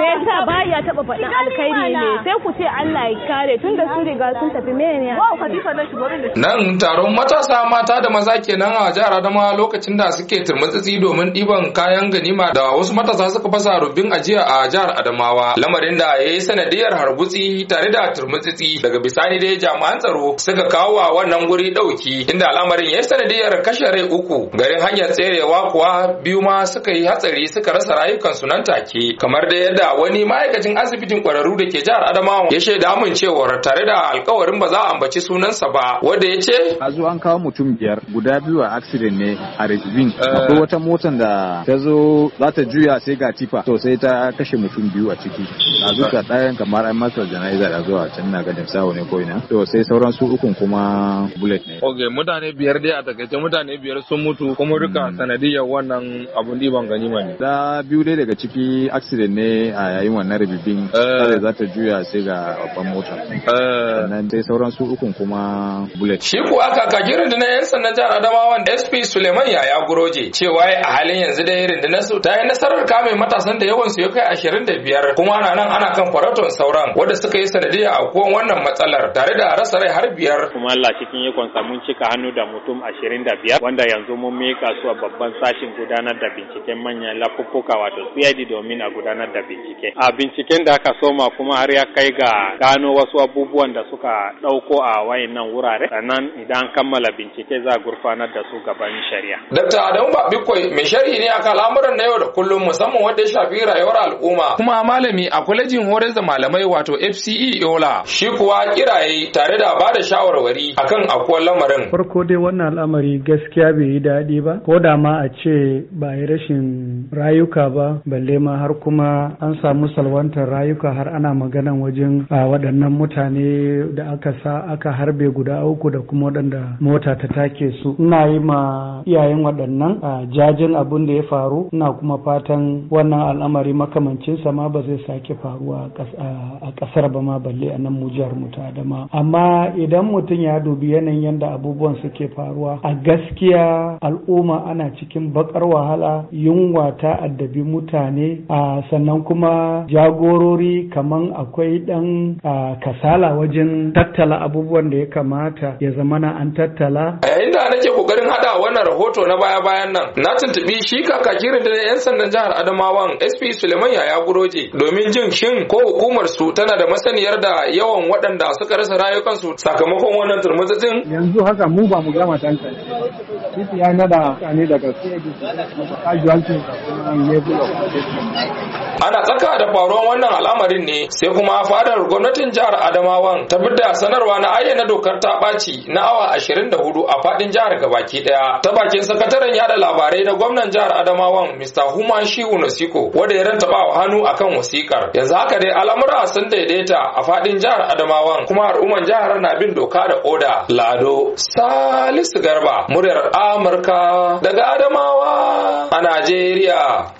me yasa ya taba faɗin alkhairi ne sai ku ce Allah ya kare tun da sun riga sun tafi nan taron matasa mata da maza kenan a jihar Adamawa lokacin da suke turmutsitsi domin ɗiban kayan ganima da wasu matasa suka fasa rubin ajiya a jihar Adamawa lamarin da ya yi sanadiyar harbutsi tare da turmutsitsi daga bisani dai jami'an tsaro suka kawo wa wannan guri ɗauki, inda al'amarin ya yi sanadiyar kashe rai uku garin hanyar tserewa kuwa biyu ma suka yi hatsari suka rasa rayukansu nan take kamar da yadda wani ma'aikacin asibitin kwararru da ke jihar Adamawa ya shaida mun cewar tare da alkawarin ba za a ambaci sunansa ba wanda ya ce a zo an kawo mutum biyar guda biyu a accident ne a Rexvin akwai wata motar da ta zo za ta juya sai ga tifa to sai ta kashe mutum biyu a ciki a ga ɗayan kamar an masa janaiza da zuwa can na ga sawo ne ko ina to sai sauran su ukun kuma bullet ne okay mutane biyar dai a takaice mutane biyar sun mutu kuma duka hmm. sanadiyar wannan abun gani ba ne da biyu dai daga ciki accident ne a yayin wannan ribibin eh. kare za ta juya sai ga babban mota eh. sannan dai sauran su ukun kuma bullet shi ko aka kaji rundunar yan sannan jihar adamawan sp suleiman yaya guroje cewa a halin yanzu dai rundunar su ta yi nasarar kame matasan da yawan su ya kai ashirin da biyar kuma ana nan ana kan faraton sauran wanda suka yi a aukuwan wannan matsalar tare da rasa rai har biyar kuma Allah cikin yakon samun cika hannu da mutum ashirin da biyar wanda yanzu mun mika su a babban sashin gudanar da binciken manyan lafuffuka wato CID domin a gudanar da bincike bincike a binciken da aka soma kuma har ya kai ga gano wasu abubuwan da suka ɗauko a wayannan wurare sannan idan kammala bincike za a gurfanar da su gaban shari'a dakta adamu ba bikoi mai sharhi ne akan al'amuran na yau da kullum musamman wanda ya shafi rayuwar al'umma kuma malami a kwalejin horar da malamai wato fce yola shi kuwa kiraye tare da ba da shawarwari akan akuwar lamarin farko dai wannan al'amari gaskiya bai yi daɗi ba ko da ma a ce ba yi rashin rayuka ba balle ma har kuma an samu salwantar rayuka har ana maganan wajen A waɗannan mutane da aka sa aka harbe guda uku da kuma waɗanda mota ta take su ina yi ma iyayen waɗannan A jajin abin da ya faru ina kuma fatan wannan al'amari makamancin sa ma ba zai sake faruwa a ƙasar ba ma balle a nan mu jihar mu ta adama amma idan mutum ya dubi yanayin yadda abubuwan suke faruwa a gaskiya al'umma ana cikin baƙar wahala yunwa ta addabi mutane a sannan kuma kuma jagorori kaman akwai dan kasala wajen tattala abubuwan da ya kamata ya zamana an tattala. Yayin da nake kokarin haɗa wannan rahoto na baya-bayan nan na tuntubi shi kakakirin da 'yan sandan jihar Adamawan SP Suleiman Yaya Guroje domin jin shin ko hukumar su tana da masaniyar da yawan waɗanda suka rasa rayukansu sakamakon wannan turmutsin Yanzu haka mu ba mu gama tanka shi ya nada mutane daga casualty Ana tsaka da faruwar wannan al'amarin ne sai kuma fadar gwamnatin jihar Adamawan ta bi da sanarwa na ayyana dokar ta ɓaci na awa 24 a faɗin jihar gabaki ɗaya. ta bakin sakataren yada labarai na gwamnan jihar Adamawan Mr. Human Shiwu Nasiko wanda ya rantaba wa hannu akan wasikar. Yanzu haka dai al'amura sun daidaita a fadin jihar Adamawan kuma al'umman jihar na bin doka da oda. Lado Salisu Garba muryar Amurka daga Adamawa a Najeriya.